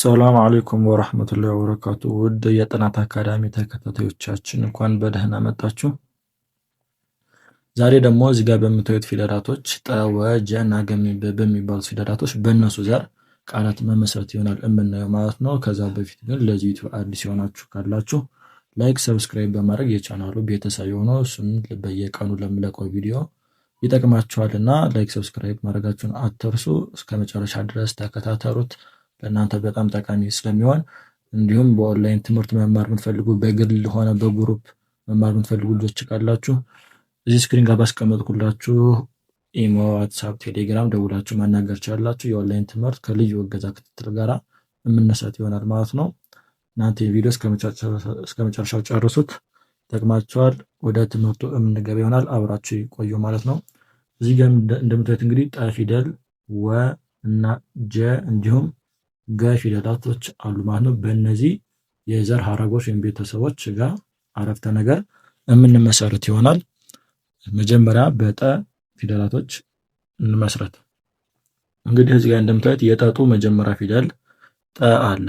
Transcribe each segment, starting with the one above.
ሰላም አለይኩም ወራህመቱላሂ ወበረካቱ። ውድ የጥናት አካዳሚ ተከታታዮቻችን እንኳን በደህና መጣችሁ። ዛሬ ደግሞ እዚህ ጋር በምታዩት ፊደላቶች ጠ፣ ወ፣ ጀ በሚባሉት ፊደላቶች በእነሱ ዘር ቃላት መመስረት ይሆናል የምናየው ማለት ነው። ከዛ በፊት ግን ለዚህ ዩቲዩብ አዲስ የሆናችሁ ካላችሁ ላይክ፣ ሰብስክራይብ በማድረግ የቻናሉ ቤተሰብ የሆነ እሱም በየቀኑ ለምለቀው ቪዲዮ ይጠቅማችኋልና ላይክ፣ ሰብስክራይብ ማድረጋችሁን አትርሱ። እስከ መጨረሻ ድረስ ተከታተሉት። ለእናንተ በጣም ጠቃሚ ስለሚሆን እንዲሁም በኦንላይን ትምህርት መማር የምትፈልጉ በግል ሆነ በግሩፕ መማር የምትፈልጉ ልጆች ካላችሁ እዚህ ስክሪን ጋር ባስቀመጥኩላችሁ ኢሞ፣ ዋትሳፕ፣ ቴሌግራም ደውላችሁ ማናገር ቻላችሁ። የኦንላይን ትምህርት ከልዩ እገዛ ክትትል ጋር የምነሳት ይሆናል ማለት ነው። እናንተ የቪዲዮ እስከ መጨረሻው ጨርሱት፣ ይጠቅማችኋል። ወደ ትምህርቱ የምንገባ ይሆናል። አብራችሁ ይቆዩ ማለት ነው። እዚህ ጋር እንደምታዩት እንግዲህ ጠ ፊደል ወ እና ጀ እንዲሁም ገ ፊደላቶች አሉ ማለት ነው። በእነዚህ የዘር ሀረጎች ወይም ቤተሰቦች ጋር አረፍተ ነገር የምንመሰርት ይሆናል። መጀመሪያ በጠ ፊደላቶች እንመስረት። እንግዲህ እዚህ ጋር እንደምታዩት የጠጡ መጀመሪያ ፊደል ጠ አለ።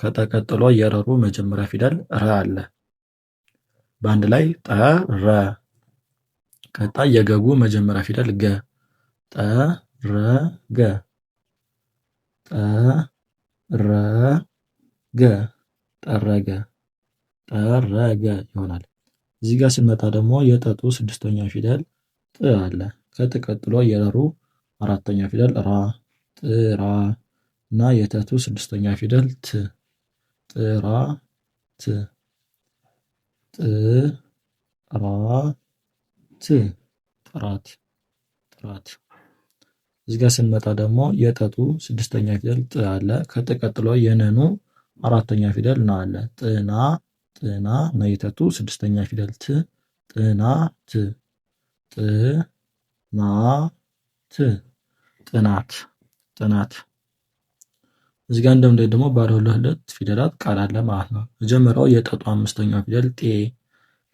ከጠቀጥሎ የረሩ መጀመሪያ ፊደል ረ አለ። በአንድ ላይ ጠ ረ። የገጉ መጀመሪያ ፊደል ገ ጠ ገ ረገ ጠረገ ጠረገ ይሆናል። እዚህ ጋር ስንመጣ ደግሞ የጠጡ ስድስተኛ ፊደል ጥ አለ። ከተቀጥሎ የረሩ አራተኛ ፊደል ራ ጥራ እና የተቱ ስድስተኛ ፊደል ት ጥራ ት ጥራ ት ጥራት ጥራት እዚህ ጋር ስንመጣ ደግሞ የጠጡ ስድስተኛ ፊደል ጥ አለ። ከጥ የነኑ አራተኛ ፊደል ና አለ። ጥና ጥና ነው። የተቱ ስድስተኛ ፊደል ት ጥና ት ጥና ት ጥናት ጥናት። እዚህ ጋር እንደምንደ ደግሞ ባለ ሁለት ፊደላት ቃል አለ ማለት ነው። መጀመሪያው የጠጡ አምስተኛው ፊደል ጤ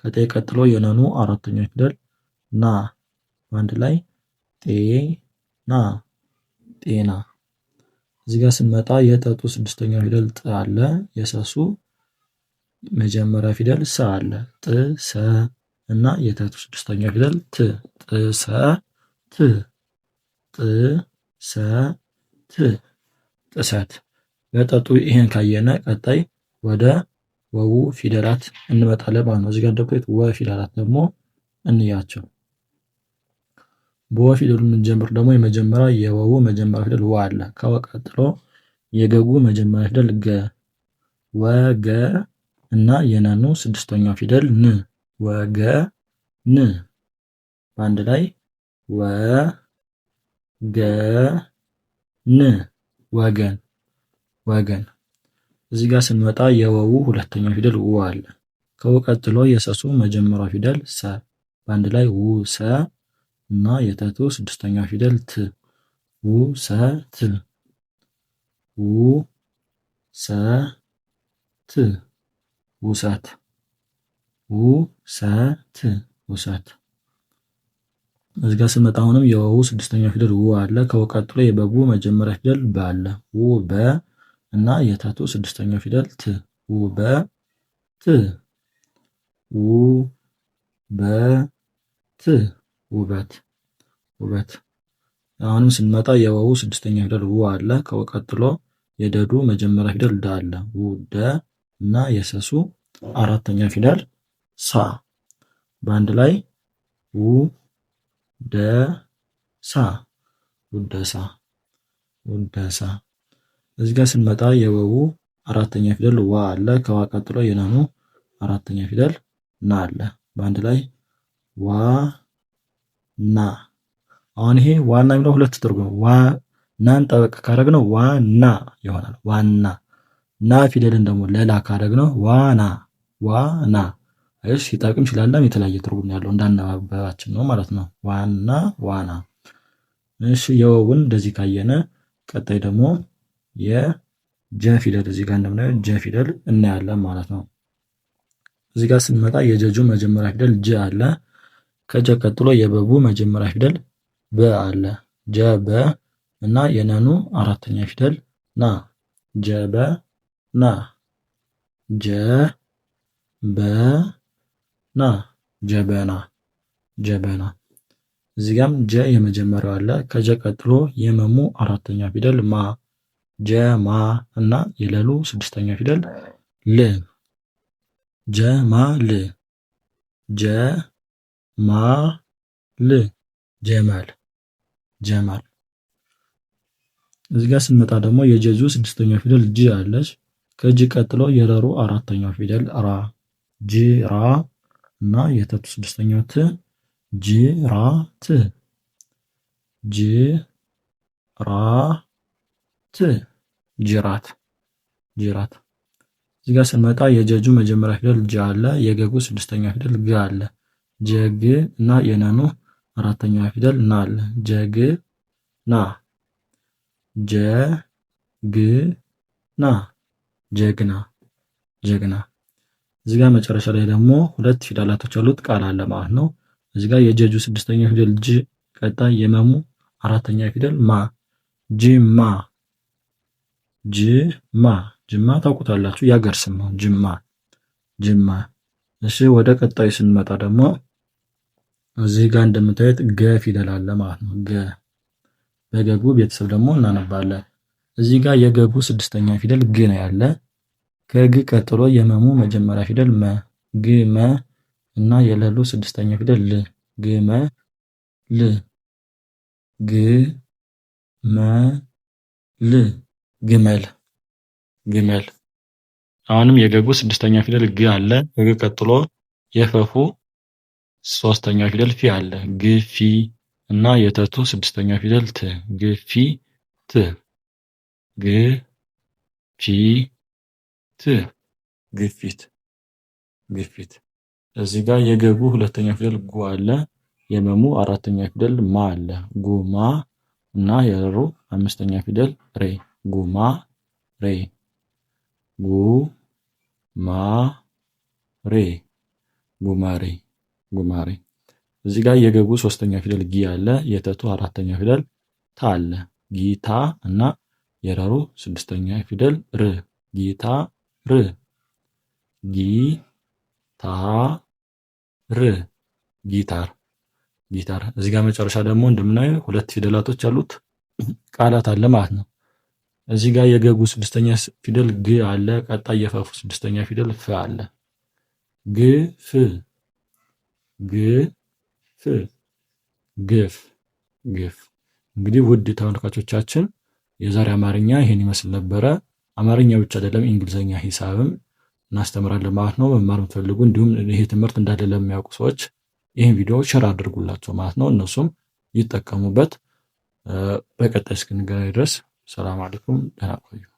ከጤ ቀጥሎ የነኑ አራተኛው ፊደል ና አንድ ላይ ጤ ና ጤና እዚህ ጋር ስንመጣ የጠጡ ስድስተኛው ፊደል ጥ አለ። የሰሱ መጀመሪያ ፊደል ሰ አለ። ጥ ሰ እና የተቱ ስድስተኛው ፊደል ት ጥ ሰ ት ጥ ሰ ት ጥሰት። በጠጡ ይሄን ካየነ ቀጣይ ወደ ወው ፊደላት እንመጣለን ማለት ነው። እዚህ ጋር ደግሞ ወ ፊደላት ደግሞ እንያቸው። በወ ፊደሉ የምንጀምር ደግሞ የመጀመሪያ የወው መጀመሪያ ፊደል ወ አለ። ከወ ቀጥሎ የገጉ መጀመሪያ ፊደል ገ፣ ወገ እና የነኑ ስድስተኛው ፊደል ን ወገ ን በአንድ ላይ ወ ገ ን ወገን ወገን። እዚህ ጋር ስንመጣ የወው ሁለተኛው ፊደል ው አለ። ከው ቀጥሎ የሰሱ መጀመሪያው ፊደል ሰ በአንድ ላይ ው ሰ እና የተቱ ስድስተኛ ፊደል ት ው ሰ ት ው ሰ ት ውሰት ው ሰ ት ውሰት። እዚህ ጋር ስመጣ አሁንም የወው ስድስተኛ ፊደል ው አለ። ከወቀቱ ላይ የበቡ መጀመሪያ ፊደል ባለ አለ። ው በ እና የተቱ ስድስተኛ ፊደል ት ው በ ት ው በ ት ውበት ውበት አሁንም ስንመጣ የወው ስድስተኛ ፊደል ው አለ። ከው ቀጥሎ የደዱ መጀመሪያ ፊደል ዳ አለ። ውደ እና የሰሱ አራተኛ ፊደል ሳ በአንድ ላይ ው ደ ሳ ውደሳ ውደሳ። እዚህ ጋር ስንመጣ የወው አራተኛ ፊደል ዋ አለ። ከዋ ቀጥሎ የነኑ አራተኛ ፊደል ና አለ። በአንድ ላይ ዋ ና አሁን ይሄ ዋና የሚለው ሁለት ትርጉም ዋናን ጠበቅ ካደረግነው ዋና ይሆናል። ዋና ና ፊደልን ደግሞ ለላ ካደረግነው ዋና ዋና እሺ ይጠቅም ይችላል። የተለያየ ትርጉም ያለው እንዳናባባችን ነው ማለት ነው። ዋና ዋና። እሺ የወውን እንደዚህ ካየነ ቀጣይ ደግሞ የጀ ፊደል እዚህ ጋር እንደምናየው ጀ ፊደል እናያለን ማለት ነው። እዚህ ጋር ስንመጣ የጀጁ መጀመሪያ ፊደል ጀ አለ። ከጀ ቀጥሎ የበቡ መጀመሪያ ፊደል በ አለ። ጀበ እና የነኑ አራተኛ ፊደል ና። ጀበ ና ጀ በ ና ጀበና ጀበና። እዚህ ጋም ጀ የመጀመሪያው አለ። ከጀ ቀጥሎ የመሙ አራተኛ ፊደል ማ ጀ ማ እና የለሉ ስድስተኛ ፊደል ል ጀ ማ ል ጀ ማ ል ጀማል ጀማል። እዚህ ጋር ስንመጣ ደግሞ የጀዙ ስድስተኛው ፊደል ጅ አለች። ከጅ ቀጥሎ የረሩ አራተኛው ፊደል ራ ጅ ራ እና የተቱ ስድስተኛው ት ጅ ራ ት ራ ት ጅራት ጅራት። እዚህ ጋር ስንመጣ የጀጁ መጀመሪያ ፊደል ጅ አለ። የገጉ ስድስተኛው ፊደል ግ አለ። ጀግ እና የነኑ አራተኛዋ ፊደል ናል ጀግ ና ጀ ግ ና ጀግና ጀግና። እዚህ ጋር መጨረሻ ላይ ደግሞ ሁለት ፊደላቶች ያሉት ቃል አለ ማለት ነው። እዚህ ጋር የጀጁ ስድስተኛው ፊደል ጅ፣ ቀጣይ የመሙ አራተኛ ፊደል ማ፣ ጅማ ጅማ ጅማ ታውቁታላችሁ። የአገር ስም ነው ጅማ ጅማ። እሺ ወደ ቀጣዩ ስንመጣ ደግሞ እዚህ ጋር እንደምታዩት ገ ፊደል አለ ማለት ነው። ገ በገጉ ቤተሰብ ደግሞ እናነባለን። እዚህ ጋር የገጉ ስድስተኛ ፊደል ግ ነው ያለ። ከግ ቀጥሎ የመሙ መጀመሪያ ፊደል መ ግ መ እና የለሉ ስድስተኛ ፊደል ል ግ መ ል ግ መ ል ግመል ግመል። አሁንም የገጉ ስድስተኛ ፊደል ግ አለ። ከግ ቀጥሎ የፈፉ ሶስተኛ ፊደል ፊ አለ። ግፊ እና የተቱ ስድስተኛ ፊደል ት። ግፊ ት፣ ግ፣ ፊ፣ ት፣ ግፊት፣ ግፊት። እዚህ ጋር የገጉ ሁለተኛ ፊደል ጉ አለ። የመሙ አራተኛ ፊደል ማ አለ። ጉማ እና የሩ አምስተኛ ፊደል ሬ። ጉማ ሬ ጉ ማ ሬ ጉማሬ ጉማሬ እዚህ ጋር የገጉ ሶስተኛ ፊደል ጊ አለ። የተቱ አራተኛ ፊደል ታ አለ። ጊታ እና የረሩ ስድስተኛ ፊደል ር ጊታ ር ታ ር ጊታር ጊታር። እዚህ ጋር መጨረሻ ደግሞ እንደምናየው ሁለት ፊደላቶች ያሉት ቃላት አለ ማለት ነው። እዚህ ጋር የገጉ ስድስተኛ ፊደል ግ አለ። ቀጣይ የፈፉ ስድስተኛ ፊደል ፍ አለ። ፍ ግፍ ግፍ ግፍ እንግዲህ ውድ ተመልካቾቻችን የዛሬ አማርኛ ይሄን ይመስል ነበረ። አማርኛ ብቻ አይደለም እንግሊዝኛ፣ ሂሳብም እናስተምራለን ማለት ነው። መማር የምትፈልጉ እንዲሁም ይሄ ትምህርት እንዳለ ለሚያውቁ ሰዎች ይህን ቪዲዮ ሸር አድርጉላቸው ማለት ነው፣ እነሱም ይጠቀሙበት። በቀጣይ እስክንገናኝ ድረስ ሰላም አለይኩም፣ ደህና ቆዩ።